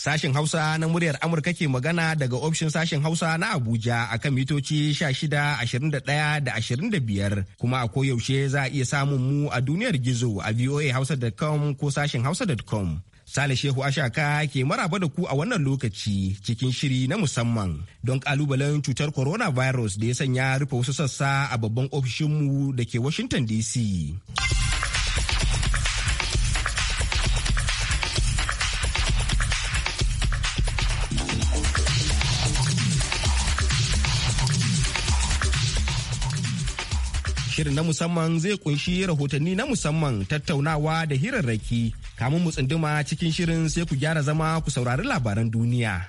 Sashen Hausa na muryar Amurka ke magana daga ofishin sashen Hausa na Abuja akan mitoci 16, da 25 kuma a koyaushe za a iya samun mu a duniyar gizo a voahausa.com ko sashen hausa.com. Sale Shehu Ashaka ke maraba da ku a wannan lokaci cikin shiri na musamman don kalubalen cutar coronavirus da ya sanya rufe wasu sassa a babban ofishinmu da ke Washington DC. Shirin na musamman zai kunshi rahotanni na musamman tattaunawa da hirarraki. Kamun mu tsunduma cikin shirin sai ku gyara zama ku saurari labaran duniya.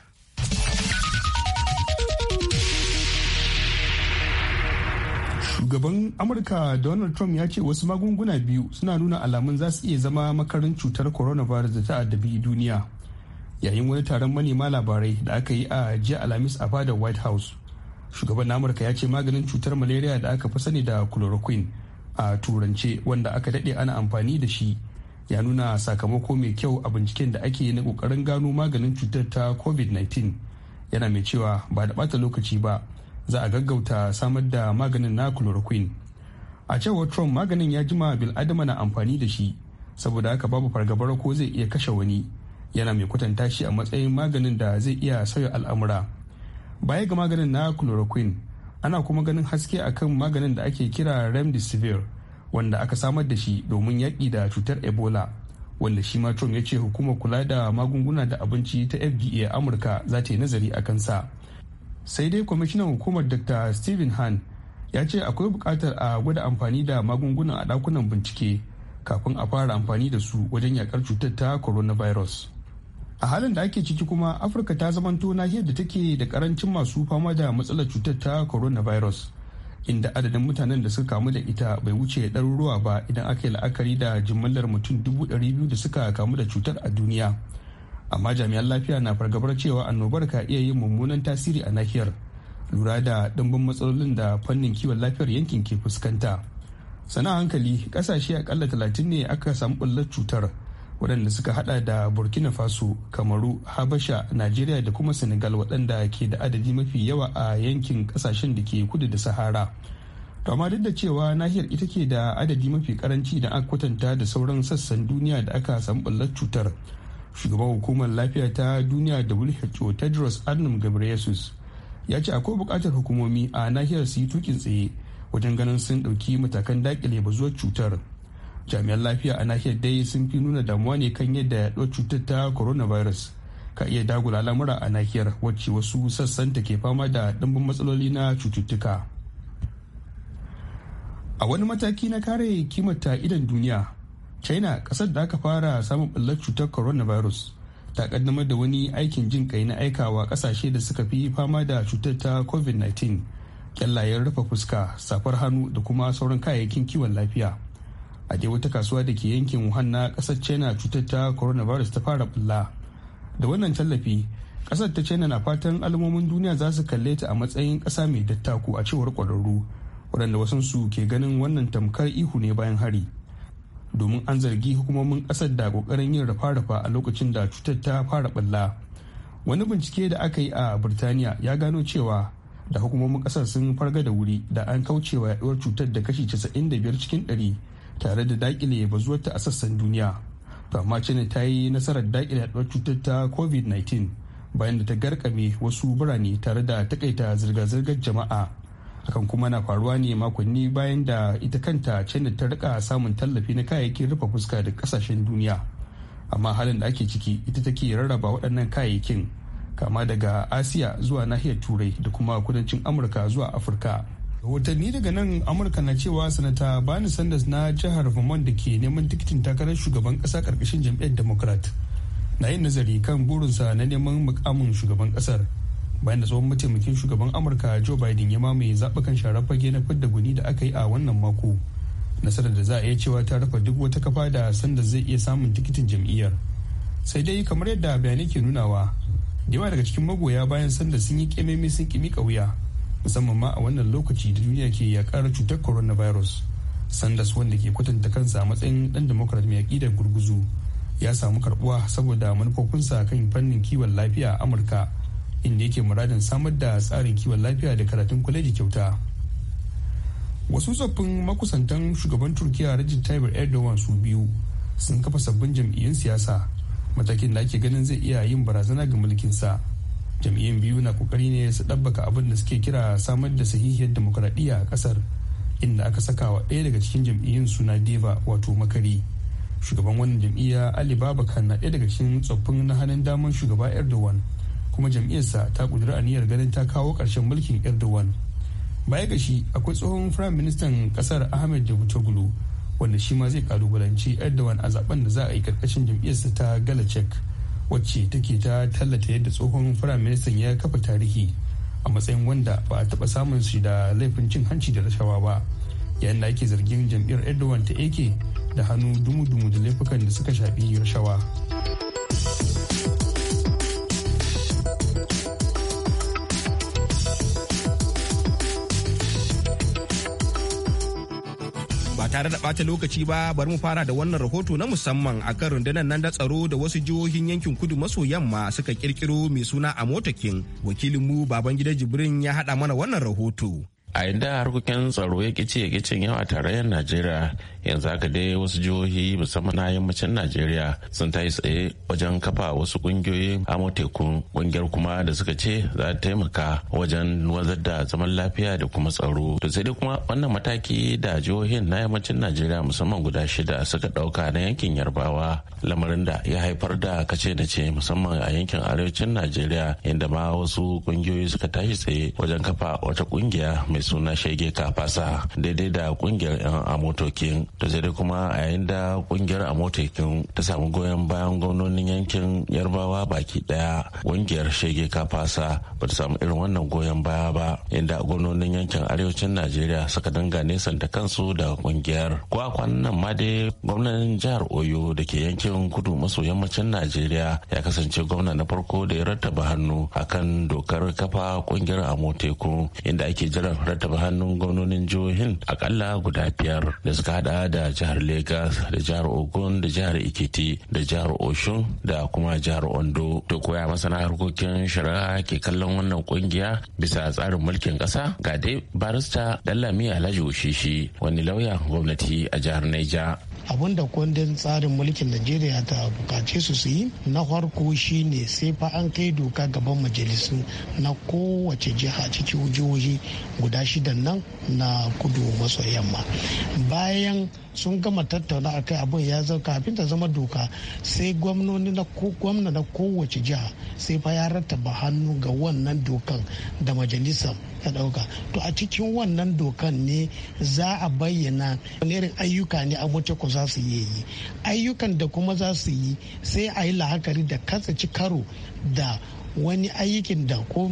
Shugaban Amurka Donald Trump ya ce wasu magunguna biyu suna nuna alamun za su iya zama makarin cutar coronavirus da ta addabi duniya. Yayin wani taron manema labarai da aka yi a jiya Alhamis a fadar White House. shugaban amurka ya ce maganin cutar malaria da aka fi sani da chloroquine a turance wanda aka daɗe ana amfani da shi ya nuna sakamako mai kyau a binciken da ake yi na kokarin gano maganin cutar ta covid-19 yana mai cewa ba da ɓata lokaci ba za a gaggauta samar da maganin na chloroquine a cewar trump maganin ya jima bil adama na amfani da shi saboda haka babu fargabar ko zai iya kashe wani yana mai kwatanta shi a matsayin maganin da zai iya sauya al'amura baya ga maganin na chloroquine ana kuma ganin haske akan maganin da ake kira remdesivir wanda aka samar da shi domin yaƙi da cutar ebola wanda shi ma trump ya ce hukumar kula da magunguna da abinci ta fda amurka za ta yi nazari a kansa sai dai kwamishinan hukumar dr stephen han ya ce akwai buƙatar a gwada amfani da magunguna a ɗakunan bincike kafin a fara amfani da su wajen yakar cutar ta coronavirus. a halin da ake ciki kuma afirka ta zamanto nahiyar da take da karancin masu fama da matsalar cutar ta coronavirus inda adadin mutanen da suka kamu da ita bai wuce ɗaruruwa ba idan aka yi la'akari da jimillar mutum dubu ɗari biyu da suka kamu da cutar a duniya amma jami'an lafiya na fargabar cewa annobar ka iya yin mummunan tasiri a nahiyar lura da ɗimbin matsalolin da fannin kiwon lafiyar yankin ke fuskanta sana hankali ƙasashe akalla talatin ne aka samu ɓullar cutar waɗanda suka hada da burkina faso kamaru habasha najeriya da kuma senegal waɗanda ke da adadi mafi yawa a yankin ƙasashen da ke kudu da sahara to amma duk da cewa nahiyar ita ke da adadi mafi karanci da aka kwatanta da sauran sassan duniya da aka samu ɓallar cutar shugaban hukumar lafiya ta duniya who tedros adnum ghebreyesus ya ce akwai buƙatar hukumomi a nahiyar su yi tukin tsaye wajen ganin sun ɗauki matakan daƙile bazuwar cutar jami'an lafiya a nahiyar dai sun fi nuna damuwa ne kan yadda yaɗuwar cutar ta coronavirus ka iya dagula lamura a nahiyar wacce wasu sassan ta ke fama da ɗimbin matsaloli na cututtuka a wani mataki na kare kimanta idan duniya china ƙasar da aka fara samun ɓullar cutar coronavirus ta kaddamar da wani aikin jin kai na aikawa ƙasashe da suka fi fama da cutar ta covid-19 kyallayen rufe fuska safar hannu da kuma sauran kayayyakin kiwon lafiya a wata kasuwa da ke yankin wuhan na kasar china cutar ta coronavirus ta fara bulla da wannan tallafi kasar ta china na fatan alamomin duniya za su kalle ta a matsayin kasa mai dattaku a cewar kwararru waɗanda wasansu ke ganin wannan tamkar ihu ne bayan hari domin an zargi hukumomin kasar da kokarin yin rafa-rafa a lokacin da cutar ta fara balla wani bincike da aka yi a birtaniya ya gano cewa da hukumomin kasar sun farga da wuri da an kaucewa yaduwar cutar da kashi 95 cikin tare da dakile bazuwarta a sassan duniya to amma china ta yi nasarar dakile a cutar ta covid-19 bayan da ta garkame wasu birane tare da takaita zirga-zirgar jama'a akan kuma na faruwa ne makonni bayan da ita kanta china ta rika samun tallafi na kayayyakin rufe fuska da kasashen duniya amma halin da ake ciki ita take rarraba waɗannan kayayyakin kama daga asiya zuwa nahiyar turai da kuma kudancin amurka zuwa afirka rahotanni daga nan amurka na cewa sanata bani sanders na jihar vermont da ke neman tikitin takarar shugaban kasa karkashin jam'iyyar democrat na yin nazari kan burinsa na neman mukamin shugaban kasar bayan da tsohon mataimakin shugaban amurka joe biden ya mamaye zaɓukan sharar fage na fidda guni da aka yi a wannan mako nasarar da za a iya cewa ta rufe duk wata kafa da sanders zai iya samun tikitin jam'iyyar sai dai kamar yadda bayanai ke nunawa da yawa daga cikin magoya bayan sanders sun yi kememe sun kimi wuya musamman ma a wannan lokaci da duniya ke yakar cutar coronavirus sanders wanda ke kwatanta kansa a matsayin dan democrat mai da gurguzu ya samu karbuwa saboda manufofinsa kan fannin kiwon lafiya a amurka inda yake muradin samar da tsarin kiwon lafiya da karatun kwaleji kyauta wasu tsoffin makusantan shugaban turkiya rajin taibar erdogan su biyu sun kafa sabbin jam'iyyun siyasa matakin da ake ganin zai iya yin barazana ga mulkinsa jam'iyyun biyu na kokari ne su ɗabbaka abin da suke kira samar da sahihiyar demokuraɗiyya a ƙasar inda aka saka wa ɗaya daga cikin jam'iyyun suna deva wato makari shugaban wannan jam'iyya ali babakan na ɗaya daga cikin tsoffin na hannun daman shugaba erdogan kuma jam'iyyarsa ta ƙudiri aniyar ganin ta kawo ƙarshen mulkin erdogan baya ga shi akwai tsohon firayim ministan ƙasar ahmed davutoglu wanda shi ma zai kalubalanci erdogan a zaben da za a yi ƙarƙashin jam'iyyarsa ta galacek wacce take ta tallata yadda tsohon firaministan ya kafa tarihi a matsayin wanda ba a taba samun shi da laifin cin hanci da rashawa ba yayin da ake zargin jam'iyyar erdogan ta ake da hannu dumu-dumu da laifukan da suka shafi rashawa. tare da ɓata lokaci ba bari mu fara da wannan rahoto na musamman akan rundunar nan da tsaro da wasu jihohin yankin kudu maso yamma suka kirkiro mai suna a motokin, wakilinmu babangida jibrin ya haɗa mana wannan rahoto a inda harkokin tsaro ya kice ya kicin a tarayyar najeriya yanzu aka dai wasu jihohi musamman na yammacin najeriya sun ta yi tsaye wajen kafa wasu kungiyoyi amo tekun kungiyar kuma da suka ce za ta taimaka wajen wazar da zaman lafiya da kuma tsaro to sai dai kuma wannan mataki da jihohin na yammacin najeriya musamman guda shida suka dauka na yankin yarbawa lamarin da ya haifar da kace na ce musamman a yankin arewacin najeriya inda ma wasu kungiyoyi suka tashi tsaye wajen kafa wata kungiya mai mai suna shege kafasa daidai da kungiyar 'yan amotokin to sai dai kuma a yayin da kungiyar amotokin ta samu goyon bayan gwamnonin yankin yarbawa baki daya kungiyar shege kafasa ba ta samu irin wannan goyon baya ba inda gwamnonin yankin arewacin najeriya suka danga nesan da kansu da kungiyar ko a kwanan nan ma dai gwamnan jihar oyo da ke yankin kudu maso yammacin najeriya ya kasance gwamna na farko da ya rattaba hannu akan dokar kafa kungiyar amoteku inda ake jiran rattaba hannun gwamnonin jihohin akalla guda biyar da suka hada da jihar Legas da jihar Ogun da jihar Ikiti da jihar Oshun da kuma jihar Ondo To koya masana harkokin shari'a ke kallon wannan kungiya bisa tsarin mulkin kasa ga dai barista Dallami Alhaji Oshishi wani lauya gwamnati a jihar Niger. abun da kundin tsarin mulkin najeriya ta bukace su su yi na farko shine sai fa an kai doka gaban majalisu na kowace jiha cikin jihohi guda shidan nan na kudu maso yamma bayan sun gama tattauna a kai abin ya zo kafin ta zama doka sai gwamnoni na ko gwamna na kowace jiha sai fa ya rattaba hannu ga wannan dokan da majalisa ta dauka to a cikin wannan dokan ne za a bayyana wani irin ayyuka ne abuce ku za su yi ayyukan da kuma za su yi sai a yi lahakari da katsaci karo da wani ayyukin da ko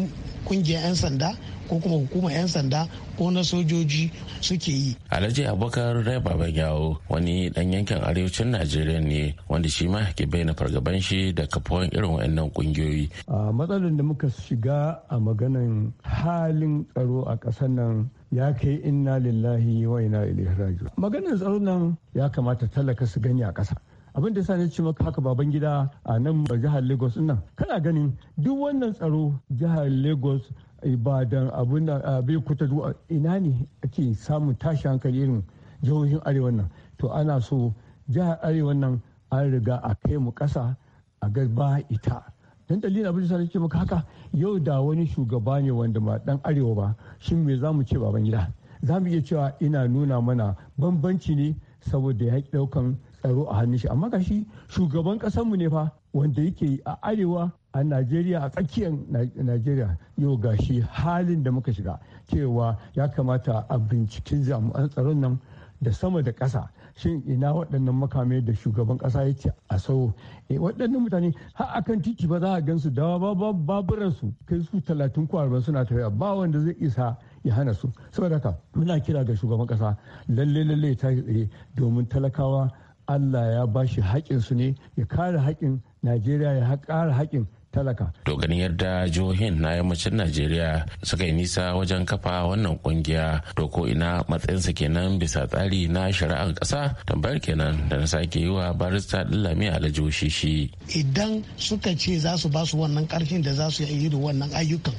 kungiyar 'yan sanda ko kuma hukumar 'yan sanda ko na sojoji suke yi. Alhaji Abubakar Raiba bagyawo wani dan yankin arewacin Najeriya ne wanda shi ma ke bayyana fargaban shi da kafuwan irin waɗannan kungiyoyi. A matsalar da muka shiga a maganan halin tsaro a ƙasar nan ya kai inna lillahi wa ina ilaihi raji'un. Maganar tsaro nan ya kamata talaka su gani a ƙasa. abin da sani ci maka haka baban gida a nan jihar lagos nan kana ganin duk wannan tsaro jihar lagos ibadan abin da bai kuta zuwa ina ne ake samun tashi hankali irin jihohin arewa nan to ana so jihar arewa nan an riga a kai mu kasa a gaba ita dan dalilin abin da sani ce maka haka yau da wani shugaba ne wanda ba dan arewa ba shin me zamu ce baban gida za iya cewa ina nuna mana bambanci ne saboda ya ɗaukan tsaro a hannun shi amma ga shi shugaban mu ne fa wanda yake a arewa a najeriya a tsakiyar najeriya yau gashi halin da muka shiga cewa ya kamata a binciken jami'an tsaron nan da sama da ƙasa shin ina waɗannan makame da shugaban ƙasa ya ce a sau e waɗannan mutane har akan titi ba za a gansu dawa ba baburan su kai su talatin ko arba'in suna tafiya ba wanda zai isa ya hana su saboda haka muna kira ga shugaban ƙasa lalle lalle ta tsaye domin talakawa allah ya ba shi haƙinsu ne ya kare haƙin najeriya ya kare haƙin talaka. To ganin yadda jihohin na yammacin Najeriya suka yi nisa wajen kafa wannan kungiya to ko ina matsayinsa kenan bisa tsari na shari'ar ƙasa tambayar kenan da na sake yi wa barista Dillami Alhaji Shishi. Idan suka ce za su ba su wannan ƙarfin da za su yi da wannan ayyukan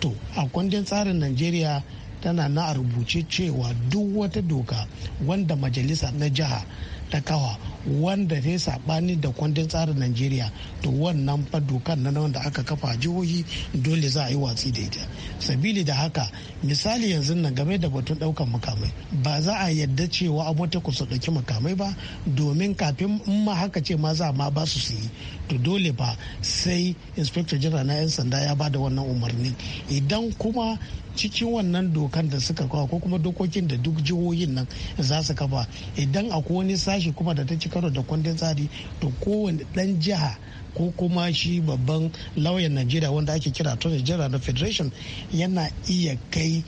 to a kundin tsarin Najeriya tana na a rubuce cewa duk wata doka wanda majalisa na jiha ta kawa wanda zai sabani da kundin tsarin najeriya to wannan fa dokar na wanda aka kafa a jihohi dole za a yi watsi da ita sabili da haka misali yanzu nan game da batun daukan makamai ba za a yadda cewa abota ku su dauki makamai ba domin kafin in ma haka ce ma za ma ba su su yi to dole ba sai inspector general na yan sanda ya ba da wannan umarni idan kuma cikin wannan dokan da suka kawo ko kuma dokokin da duk jihohin nan za su kafa idan akwai wani sashi kuma da ta ci karo da kundin tsari to kowane dan jiha ko kuma shi babban lauyan najeriya wanda ake kira attorney general na federation yana iya kai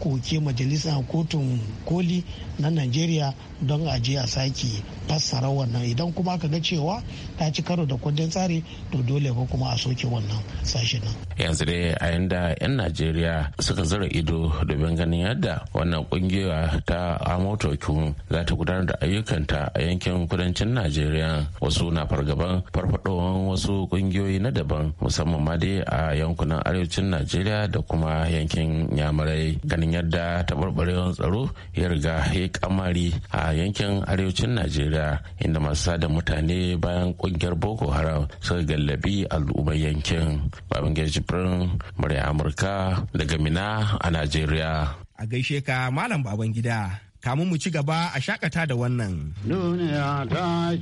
koke majalisar kotun koli na nigeria don a je a sake fassara wannan idan kuma aka ga cewa ta ci karo da kundin tsari to dole ba kuma a soke wannan sashen nan yanzu dai a yanda 'yan najeriya suka zura ido domin ganin yadda wannan kungiya ta amotoku za ta gudanar da ayyukanta a yankin kudancin najeriya wasu na fargaban farfadowar wasu kungiyoyi na daban musamman ma dai a yankunan arewacin najeriya da kuma yankin Nyamurai, ganin yadda taɓarɓarewar tsaro ya riga ya kamari a yankin arewacin najeriya inda masu sada mutane bayan kungiyar boko haram suka gallabi al'ummar yankin babangeji birnin murya amurka daga mina a najeriya a gaishe ka malam baban gida kamun mu ci gaba a shakata da wannan duniya ta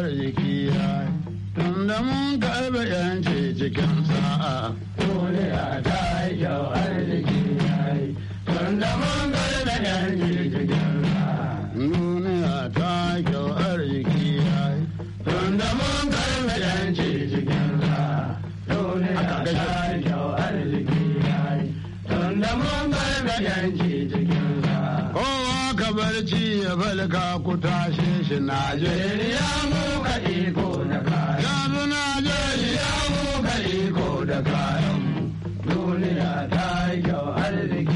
arziki tunda mun karɓi yanci cikin sa'a. Duniya ta yi kyau arziki tunda mun yanci cikin sa'a. Duniya ta yi kyau arziki tunda mun yanci cikin sa'a. ta yi kyau arziki tunda mun yanci ka barci ya falka ku tashi. shi Najeriya mu ka iko da kayan. Yanzu ya mu ka iko da kayan. Duniya ta yi kyau arziki.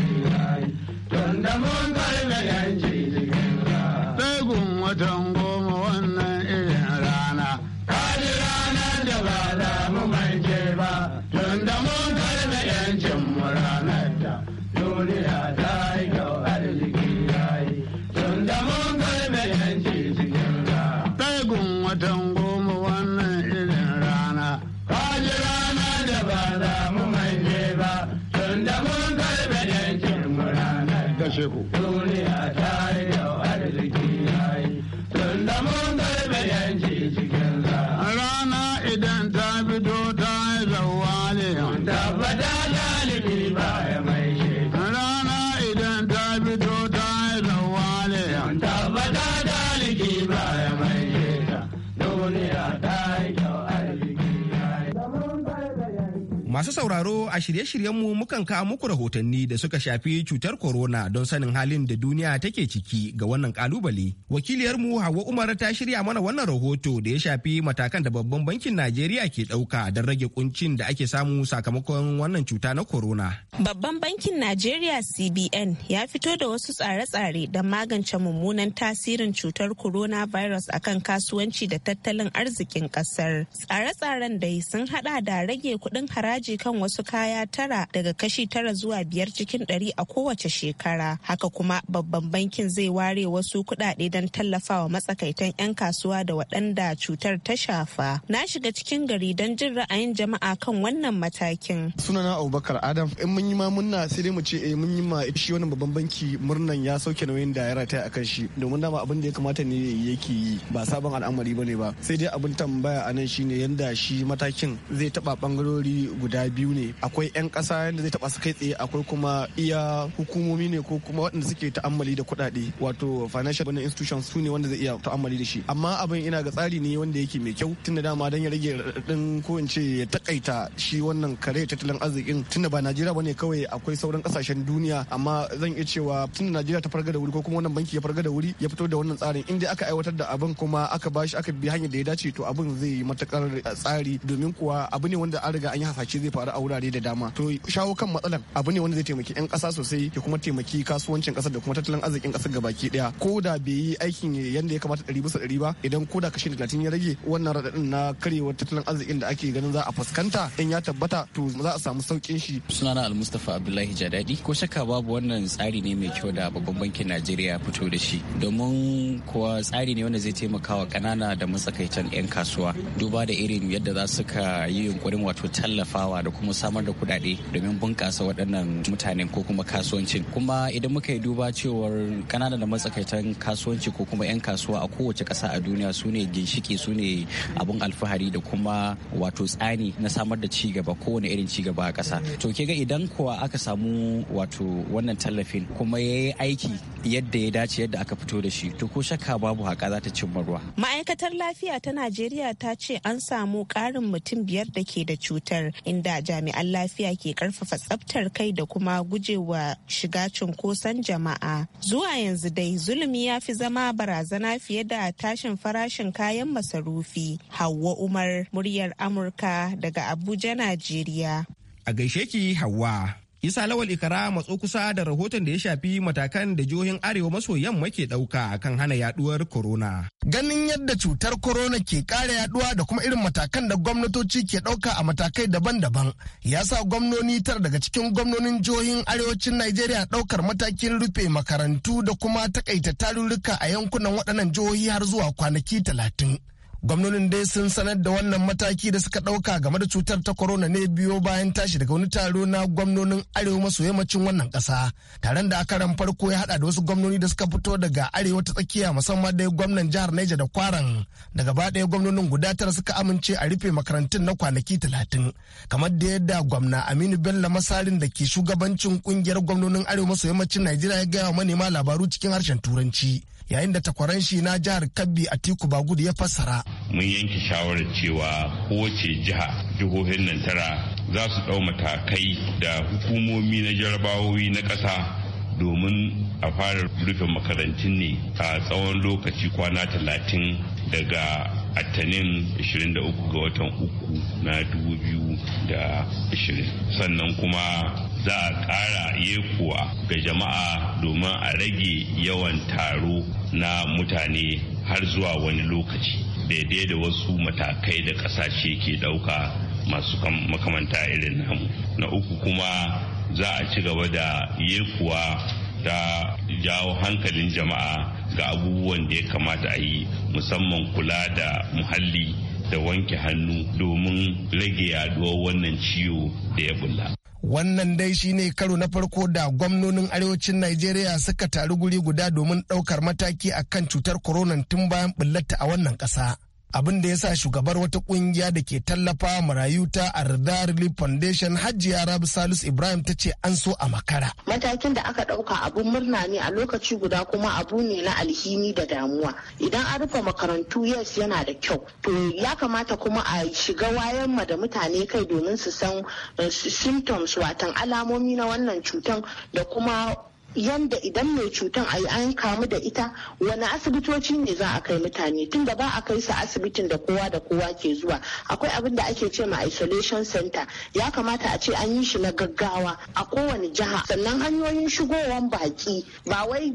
Masu sauraro a shirye mu mukan kawo muku rahotanni da suka shafi cutar corona don sanin halin da duniya take ciki ga wannan kalubale. mu Hauwa Umar ta shirya mana wannan rahoto da ya shafi matakan da babban bankin Najeriya ke ɗauka don rage kuncin da ake samu sakamakon wannan cuta na corona. Babban bankin Najeriya CBN ya fito da wasu tsare-tsare don magance mummunan tasirin cutar coronavirus akan kasuwanci da tattalin arzikin ƙasar. Tsare-tsaren dai sun hada da rage kuɗin haraji haraji kan wasu kaya tara daga kashi tara zuwa biyar cikin ɗari a kowace shekara. Haka kuma babban bankin zai ware wasu kuɗaɗe don tallafawa matsakaitan 'yan kasuwa da waɗanda cutar ta shafa. Na shiga cikin gari don jin ra'ayin jama'a kan wannan matakin. Sunana Abubakar Adam, in mun yi ma murna sai dai mu ce eh mun yi ma shi wannan babban banki murnan ya sauke nauyin da ya rataya kan shi domin dama abin da ya kamata ne yake yi ba sabon al'amari bane ba. Sai dai abin tambaya a nan shine yanda shi matakin zai taba bangarori guda guda biyu ne akwai 'yan ƙasa yadda zai taɓa su kai tsaye akwai kuma iya hukumomi ne ko kuma waɗanda suke ta'ammali da kuɗaɗe wato financial banking institutions su ne wanda zai iya ta'ammali da shi amma abin ina ga tsari ne wanda yake mai kyau tunda dama dan ya rage raɗaɗin ko in ce ya takaita shi wannan kare tattalin arzikin tunda ba Najeriya bane kawai akwai sauran kasashen duniya amma zan iya cewa tunda Najeriya ta farga da wuri ko kuma wannan banki ya farga da wuri ya fito da wannan tsarin inda aka aiwatar da abin kuma aka bashi aka bi hanyar da ya dace to abin zai yi matakar tsari domin kuwa abu ne wanda an riga an yi hasashe zai faru a wurare da dama to shawo kan matsalar abu ne wanda zai taimaki yan kasa sosai ya kuma taimaki kasuwancin kasar da kuma tattalin arzikin kasar gabaki daya ko da bai yi aikin yadda ya kamata ɗari bisa ɗari ba idan ko da kashi talatin ya rage wannan raɗaɗin na karyewar tattalin arzikin da ake ganin za a fuskanta in ya tabbata to za a samu saukin shi sunana almustafa abdullahi jadadi ko shakka babu wannan tsari ne mai kyau da babban bankin najeriya fito da shi domin kuwa tsari ne wanda zai taimaka wa ƙanana da matsakaitan 'yan kasuwa duba da irin yadda za su ka yi yunkurin wato tallafa tallafawa da kuma samar da kuɗaɗe domin bunƙasa waɗannan mutanen ko kuma kasuwanci kuma idan muka yi duba cewar ƙanana da matsakaitan kasuwanci ko kuma 'yan kasuwa a kowace ƙasa a duniya su ne ginshiki su ne abin alfahari da kuma wato tsani na samar da ci gaba kowane irin ci gaba a ƙasa to ke ga idan kuwa aka samu wato wannan tallafin kuma ya yi aiki yadda ya dace yadda aka fito da shi to ko shakka babu haƙa za ta cimma ruwa ma'aikatar lafiya ta najeriya ta ce an samu ƙarin mutum biyar da ke da cutar in inda jami'an lafiya ke karfafa tsaftar kai da kuma gujewa shiga cunkoson jama'a. Zuwa yanzu dai zulumi ya fi zama barazana fiye da tashin farashin kayan masarufi. Hauwa Umar, muryar Amurka daga Abuja, Najeriya. A gaishe ki Hauwa. Isa Lawal Ikara matso kusa da rahoton da ya shafi matakan da jihohin Arewa maso yamma ke ɗauka kan hana yaduwar corona. Ganin yadda cutar corona ke ƙara yaduwa da kuma irin matakan da gwamnatoci ke ɗauka a matakai daban-daban ya sa gwamnoni tar daga cikin gwamnonin jihohin arewacin Najeriya ɗaukar matakin rufe makarantu da kuma takaita tarurruka a yankunan waɗannan jihohi har zuwa kwanaki talatin. gwamnonin dai sun sanar da wannan mataki da suka ɗauka game da cutar ta corona ne biyo bayan tashi daga wani taro na gwamnonin arewa maso yammacin wannan kasa. taron da aka ran farko ya hada da wasu gwamnoni da suka fito daga arewa ta tsakiya musamman dai gwamnan jihar Niger da kwaran da gaba ɗaya gwamnonin guda tara suka amince a rufe makarantun na kwanaki talatin kamar da yadda gwamna Aminu Bello Masarin da ke shugabancin kungiyar gwamnonin arewa maso yammacin Najeriya ya gaya wa manema labaru cikin harshen Turanci. yayin da takwaran shi na jihar kabbi a tiku bagudu ya fassara mun yanke shawarar cewa kowace jiha jihohin nan tara za su ɗau matakai da hukumomi na jarabawoyi na ƙasa domin a fara rufe makarantun ne a tsawon lokaci kwana talatin daga attanin 23 ga watan uku na 2020 sannan kuma za a ƙara yekuwa ga jama'a domin a rage yawan taro na mutane har zuwa wani lokaci daidai da wasu matakai da ƙasashe ke ɗauka masu makamanta irin namu na uku kuma za a ci gaba da yekuwa ta jawo hankalin jama'a ga abubuwan da ya kamata a yi musamman kula da muhalli da wanke hannu domin rage yaduwar wannan ciwo da ya bulla. Wannan dai shine karo na farko da gwamnonin arewacin Najeriya suka taru guri guda domin ɗaukar mataki a kan cutar corona tun bayan bullata a wannan ƙasa. abin da ya sa shugabar wata kungiya da ke tallafa marayu ta Arda Relief Foundation Hajiya Rabi Salisu Ibrahim ta ce an so a makara. Matakin da aka ɗauka abun murna ne a lokaci guda kuma abu ne na alhini da damuwa. Idan an rufe makarantu yes yana da kyau. To ya kamata kuma a shiga wayan ma da mutane kai domin su san eh, symptoms watan alamomi na wannan cutan da kuma yanda idan mai cutan a yi an kamu da ita wani asibitoci ne za a kai mutane tun da ba a kai su asibitin da kowa da kowa ke zuwa akwai abin da ake ce ma isolation center ya kamata a ce an yi shi na gaggawa a kowane jiha sannan hanyoyin shigowan baki ba wai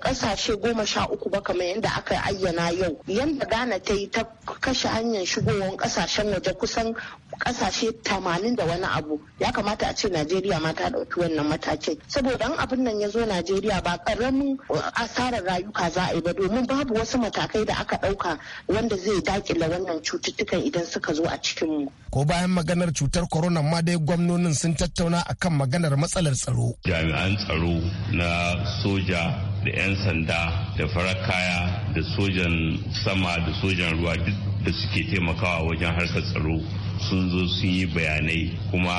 kasashe eh, goma sha uku ba kamar yadda aka ayyana yau yanda ghana ta yi ta kashe hanyar shigowan kasashen waje kusan kasashe tamanin da wani abu ya kamata a ce najeriya ma ta ɗauki wannan matakin saboda an abin nan ya zo najeriya ba ƙaramin asarar rayuka za a yi ba domin babu wasu matakai da aka ɗauka wanda zai dakile wannan cututtukan idan suka zo a cikin mu. ko bayan maganar cutar corona ma dai gwamnonin sun tattauna akan maganar matsalar tsaro. jami'an tsaro na soja da 'yan sanda da farar kaya da sojan sama da sojan ruwa duk da suke taimakawa wajen harkar tsaro sun zo sun yi bayanai kuma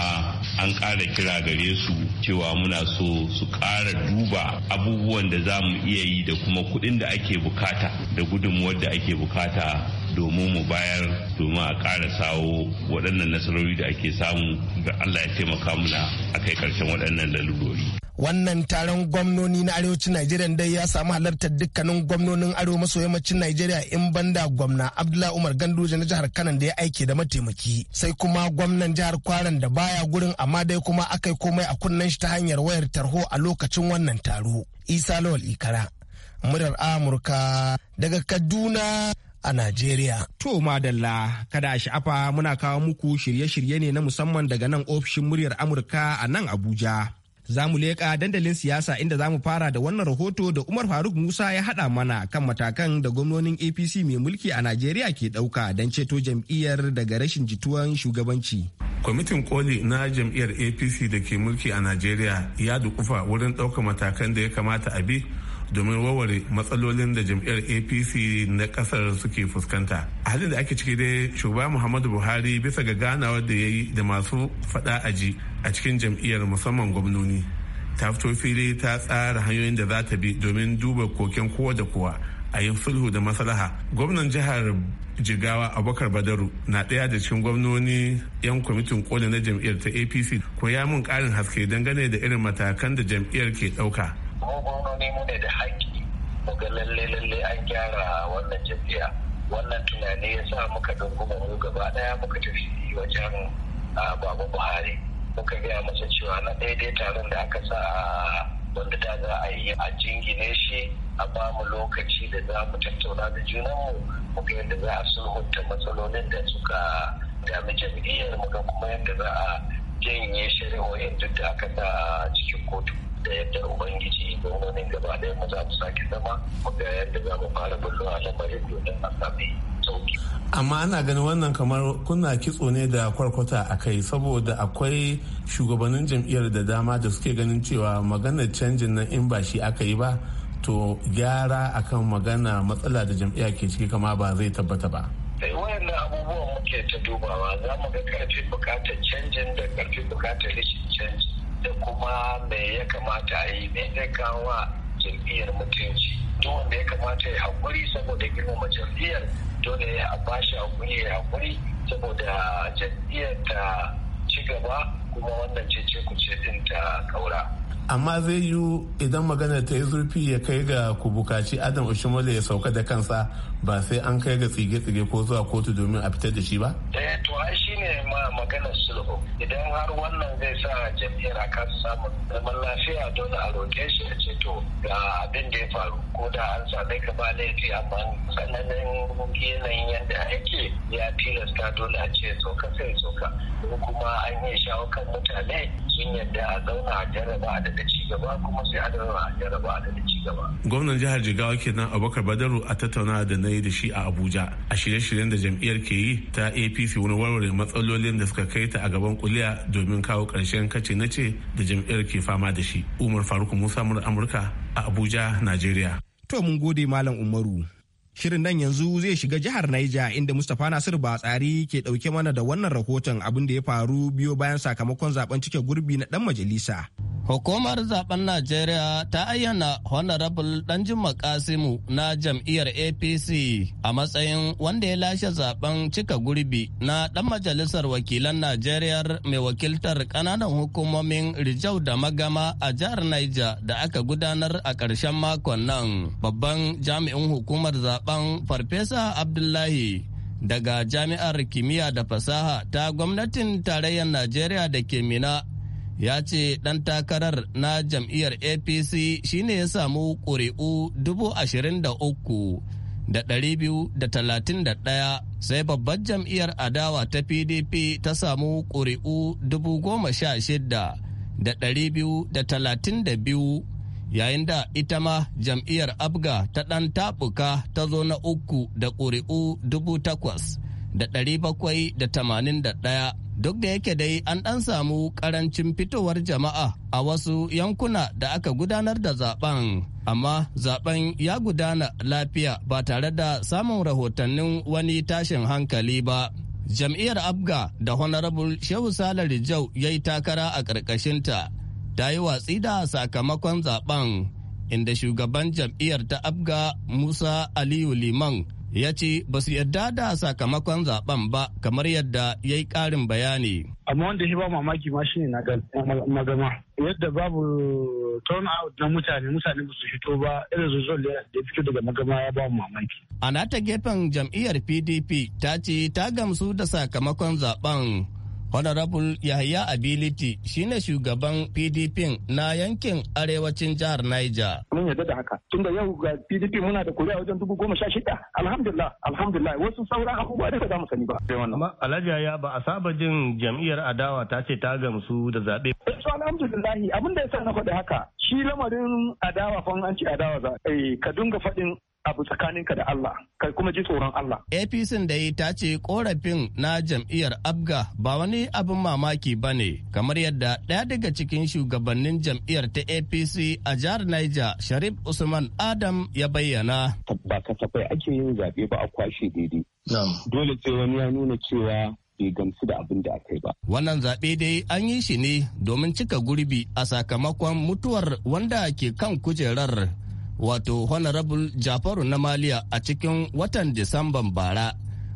an ƙara kira gare su cewa muna so su ƙara duba abubuwan da za mu iya yi da kuma kuɗin da ake bukata da gudunmuwar da ake bukata domin mu bayar domin a ƙara sawo waɗannan nasarori da ake samu ga Allah ya taimaka muna a kai ƙarshen waɗannan lalurori. wannan taron gwamnoni na arewacin Najeriya da ya samu halartar dukkanin gwamnonin arewa maso yammacin Najeriya in banda gwamna Abdullahi Umar Ganduje na jihar Kano da ya aike da mataimaki sai kuma gwamnan jihar Kwaran da baya gurin amma dai kuma akai komai a kunnen shi ta hanyar wayar tarho a lokacin wannan taro Isa Lawal Ikara murar Amurka daga Kaduna a Najeriya. To madalla kada a sha'afa muna kawo muku shirye-shirye ne na musamman daga nan ofishin muryar Amurka a nan Abuja. Za mu leƙa dandalin siyasa inda za mu fara da wannan rahoto da Umar Faruk Musa ya haɗa mana kan matakan da gwamnonin APC mai mulki a Najeriya ke ɗauka don ceto jam'iyyar daga rashin jituwan shugabanci. kwamitin koli na jam'iyyar apc da ke mulki a najeriya ya dukufa wurin ɗaukar matakan da ya kamata a bi domin warware matsalolin da jam'iyyar apc na kasar suke fuskanta a halin da ake ciki dai shugaba muhammadu buhari bisa ga ganawar da ya yi da masu fada aji a cikin jam'iyyar musamman gwamnoni ta fito fili ta tsara hanyoyin da za ta bi domin duba koken kowa da kowa a yin sulhu da maslaha gwamnan jihar jigawa abubakar badaru na ɗaya da cikin gwamnoni 'yan kwamitin koli na jam'iyyar ta apc ko ya mun ƙarin haske dangane da irin matakan da jam'iyyar ke ɗauka mu gwamnoni mu ne da haƙƙi mu ga lalle lalle an gyara wannan jam'iyya wannan tunani ya sa muka dunguma mu gaba ɗaya muka tafi wajen baba buhari muka gaya masa cewa na daidai taron da aka sa a wanda ta za a yi a jingine shi a ba mu lokaci da za mu tattauna da junanmu mu ga yadda za a sulhunta matsalolin da suka dami jam'iyyar mu ga kuma yadda za a janye shari'o'in duk da aka sa a cikin kotu. da yadda ubangiji gwamnonin gaba ɗaya mu za mu sake zama mu ga yadda za mu fara bullo a lamarin domin a sami sauki. amma ana ganin wannan kamar kuna kitso ne da kwarkwata a kai saboda akwai shugabannin jam'iyyar da dama da suke ganin cewa maganar canjin nan in ba shi aka yi ba to gyara akan magana matsala da jam'iyya ke ciki kama ba zai tabbata ba. sai wayannan abubuwan muke ta dubawa za mu ga karfin bukatar canjin da karfin bukatar rashin canji da kuma me ya kamata a yi me zai kawo jam'iyyar mutunci duk wanda ya kamata ya haƙuri saboda girmama jam'iyyar dole a bashi haƙuri ya haƙuri saboda jam'iyyar ta ci gaba kuma wannan cece ce din ta kaura amma zai yiwu idan magana ta yi zurfi ya kai ga ku bukaci adam ushimole ya sauka da kansa ba sai an kai ga tsige-tsige ko zuwa kotu domin a fitar da shi ba? Eh to ai shi ne maganar sulhu idan har wannan zai sa jam'iyyar a kan samun zaman lafiya dole a roƙe shi a ce to ga abin da ya faru ko da an same ka ba laifi amma tsananin yanayin yadda ake ya tilasta dole a ce soka sai soka ko kuma an yi shawo kan mutane sun yadda a zauna a jarraba a daga cigaba kuma sai a zauna a jarraba daga cigaba. Gwamnan jihar Jigawa kenan Abubakar Badaru a tattauna da na na yi da shi a abuja a shirye-shiryen da jam'iyyar ke yi ta apc wani warware matsalolin da suka kai ta a gaban kuliya domin kawo karshen kace na ce da jam'iyyar ke fama da shi umar faruk musa mura amurka a abuja nigeria to mun gode malam umaru shirin nan yanzu zai shiga jihar Naija inda Mustapha Nasir Batsari ke dauke mana da wannan rahoton abin da ya faru biyo bayan sakamakon zaben cike gurbi na dan majalisa. Hukumar zaben Najeriya ta ayyana Honorable Danjin Kasimu na jam'iyyar APC a matsayin wanda ya lashe zaben cika gurbi na ɗan majalisar wakilan Najeriya mai wakiltar ƙananan hukumomin Rijau da Magama a jihar Niger da aka gudanar a ƙarshen makon nan. Babban jami'in hukumar zaben Farfesa Abdullahi daga Jami'ar Kimiyya da Fasaha ta gwamnatin tarayyar Najeriya da ke Mina ya ce ɗan takarar na jam'iyyar apc shine ya samu ƙuri'u dubu ashirin da uku da ɗari biyu da talatin da ɗaya sai babbar jam'iyyar adawa ta pdp ta samu ƙuri'u dubu goma sha shida da ɗari biyu da talatin da biyu yayin da ita ma jam'iyyar abga ta ɗan taɓuka ta zo na uku da ƙuri'u dubu takwas da ɗari bakwai da tamanin da ɗaya duk da yake dai an ɗan samu ƙarancin fitowar jama'a a wasu yankuna da aka gudanar da zaben amma zaben ya gudana lafiya ba tare da samun rahotannin wani tashin hankali ba jam'iyyar abga da honorable shehu salari jau ya yi takara a ƙarƙashinta ta yi watsi da sakamakon zaben inda shugaban jam'iyyar ta abga musa aliyu liman ya ce ba su yarda da sakamakon zaben ba kamar yadda ya yi ƙarin bayani. amma wanda shi ba mamaki ma shine na magama yadda babu out na mutane mutane ba su fito ba irin zuzo da ya fito daga magama ya ba mamaki. a nata gefen jam'iyyar pdp ta ce ta gamsu da sakamakon zaben honorable yahya ability shine shugaban pdp na yankin arewacin jihar niger mun yarda da haka tunda yau ga pdp muna da kuri'a wajen dubu goma sha shida alhamdulillah alhamdulillah wasu sauran abubuwa da za mu sani ba amma alhaji ya ba a saba jin jam'iyyar adawa ta ce ta gamsu da zaɓe. Eh, to alhamdulillah abin da ya sa na faɗi haka shi lamarin adawa fa an ce adawa za eh, ka dinga faɗin abu tsakaninka da Allah kai kuma ji tsoron Allah. APC da ta ce korafin na jam'iyyar Abga ba wani abin mamaki ba ne kamar yadda ɗaya daga cikin shugabannin jam'iyyar ta APC a jihar Niger Sharif Usman Adam ya bayyana. Ba kasafai ake yin zaɓe ba a kwashe daidai. Dole sai wani ya nuna cewa bai gamsu da abin da aka ba. Wannan zaɓe dai an yi shi ne domin cika gurbi a sakamakon mutuwar wanda ke kan kujerar wato honorable jafaru na maliya a cikin watan disamban bara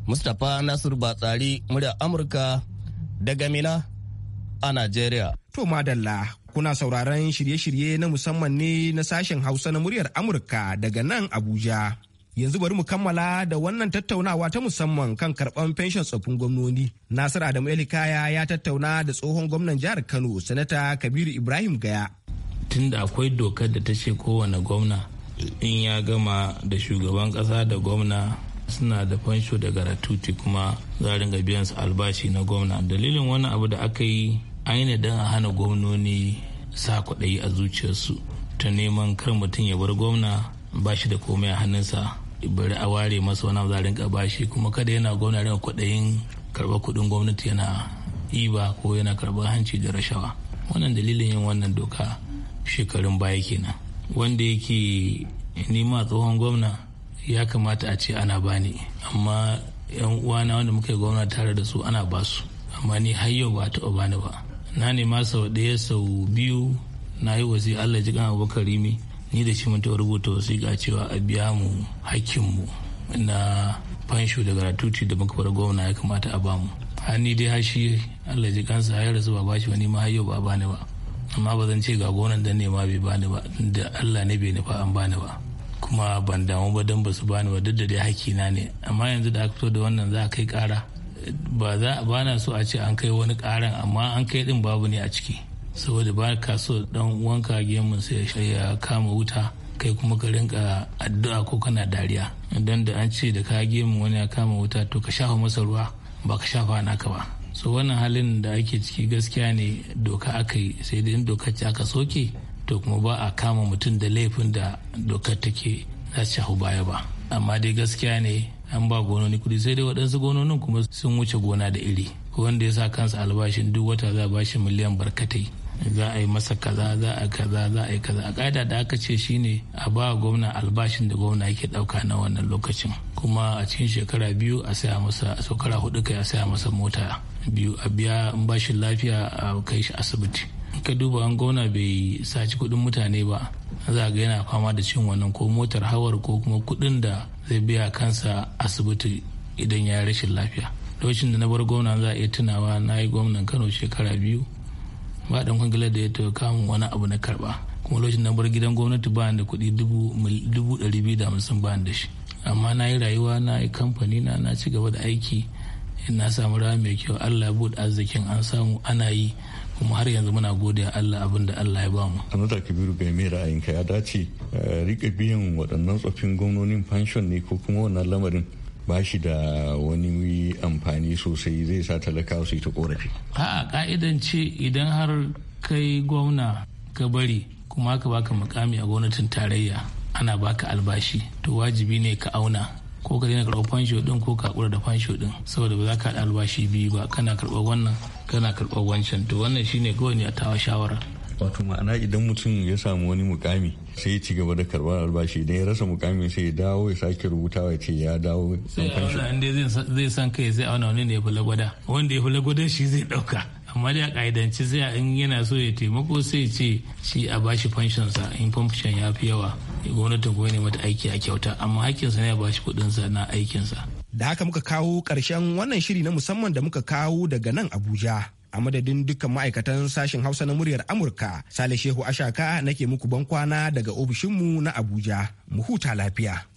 mustapha nasiru batsari murya amurka daga mina a nigeria to madalla kuna sauraron shirye-shirye na musamman ne na sashen hausa na muryar amurka daga nan abuja yanzu bari mu kammala da wannan tattaunawa ta musamman kan karban fenshon tsoffin gwamnoni nasir adamu elikaya ya tattauna da tsohon gwamnan jihar kano sanata kabiru ibrahim gaya tunda akwai dokar da ta ce kowane gwamna in ya gama da shugaban ƙasa da gwamna suna da fansho daga ratuti kuma zarin ringa biyan su albashi na gwamna dalilin wani abu da aka yi aina don a hana gwamnoni sa kwaɗayi a zuciyarsu ta neman kar mutum ya bar gwamna ba shi da komai a hannunsa bari a ware masa wani zarin ga bashi kuma kada yana gwamna rin kwaɗayin karɓar kuɗin gwamnati yana iba ko yana karɓar hanci da rashawa wannan dalilin yin wannan doka shekarun baya kenan wanda yake nima tsohon gwamna ya kamata a ce ana bani amma yan uwana wanda muka yi gwamna tare da su ana ba su amma ni har yau ba taɓa bani ba na nema sau ɗaya sau biyu na yi wasi allah ji kan abubakar rimi ni da shi mun rubuta ga cewa a biya mu hakkinmu na fansho daga ratuti da muka bar gwamna ya kamata a mu har ni dai har shi allah ji kansa ya rasu ba ba shi wani ma har yau ba bani ba amma ba zan ce ga gonan dan nema bai bani ba da Allah ne bai nufa an bani ba kuma ban damu ba dan basu bani ba duk da dai haƙƙi na ne amma yanzu da aka fito da wannan za a kai kara. ba za ba na so a ce an kai wani karan amma an kai din babu ne a ciki saboda ba ka so dan wanka gemun sai ya kama wuta kai kuma ka rinka addu'a ko kana dariya don da an ce da ka gemu wani ya kama wuta to ka shafa masa ruwa ba ka shafa naka ba so wannan halin da ake ciki gaskiya ne doka aka yi sai dai doka ce aka soke to kuma ba a kama mutum da laifin da dokar take za su shahu baya ba amma dai gaskiya ne an ba gononi kudi sai dai waɗansu gononin kuma sun wuce gona da iri wanda ya sa kansa albashin duk wata za a bashi miliyan barkatai za a yi masa kaza za a kaza za a yi kaza a ƙa'ida da aka ce shine a ba gwamna albashin da gwamna yake ɗauka na wannan lokacin kuma a cikin shekara biyu a saya masa shekara hudu kai a saya masa mota biyu a biya bashin lafiya a kai shi asibiti ka duba an gona bai saci kudin mutane ba za ga yana fama da cin wannan ko motar hawar ko kuma kudin da zai biya kansa asibiti idan ya rashin lafiya lokacin da na bar gwamna za a iya tunawa na yi gwamnan kano shekara biyu ba dan kwangilar da ya taɓa kamun wani abu na karba kuma lokacin da na bar gidan gwamnati ba da kuɗi dubu ɗari biyu da hamsin ba da shi amma na yi rayuwa na yi kamfani na na ci gaba da aiki in na samu rawa mai kyau allah ya buɗe arzikin an samu ana yi kuma har yanzu muna godiya allah abin da allah ya ba mu sanata kabiru bai mai ra'ayinka ya dace eh, rika biyan waɗannan tsoffin gwamnonin fanshon ne ko kuma wannan lamarin ba shi da wani amfani sosai zai sa talakawa su yi ta korafi a'a ka'idance idan har kai gwamna ka bari kuma aka baka mukami a gwamnatin tarayya ana baka albashi to wajibi ne ka auna ko ka daina karɓar fansho din ko ka hakura da fansho ɗin saboda ba za ka haɗa albashi biyu ba kana karɓar wannan kana karɓar wancan to wannan shine kawai ne a tawa shawara wato ma'ana idan mutum ya samu wani mukami sai ya ci gaba da karɓar albashi idan ya rasa mukamin sai ya dawo ya sake rubutawa ya ce ya dawo sai a wani zai san kai sai a wani wani ne ya fi gwada wanda ya fi gwada shi zai ɗauka amma da ka'idanci sai in yana so ya taimako sai ce shi a bashi fanshinsa in fanshin ya fi yawa gwamnatin kuma ne mata aiki a kyauta amma sa ne ya shi kuɗinsa na aikinsa. Da haka muka kawo ƙarshen wannan shiri na musamman da muka kawo daga nan Abuja. A madadin dukkan ma'aikatan sashen Hausa na muryar Amurka, Sale Shehu Ashaka nake muku bankwana daga ofishinmu na Abuja. Mu huta lafiya.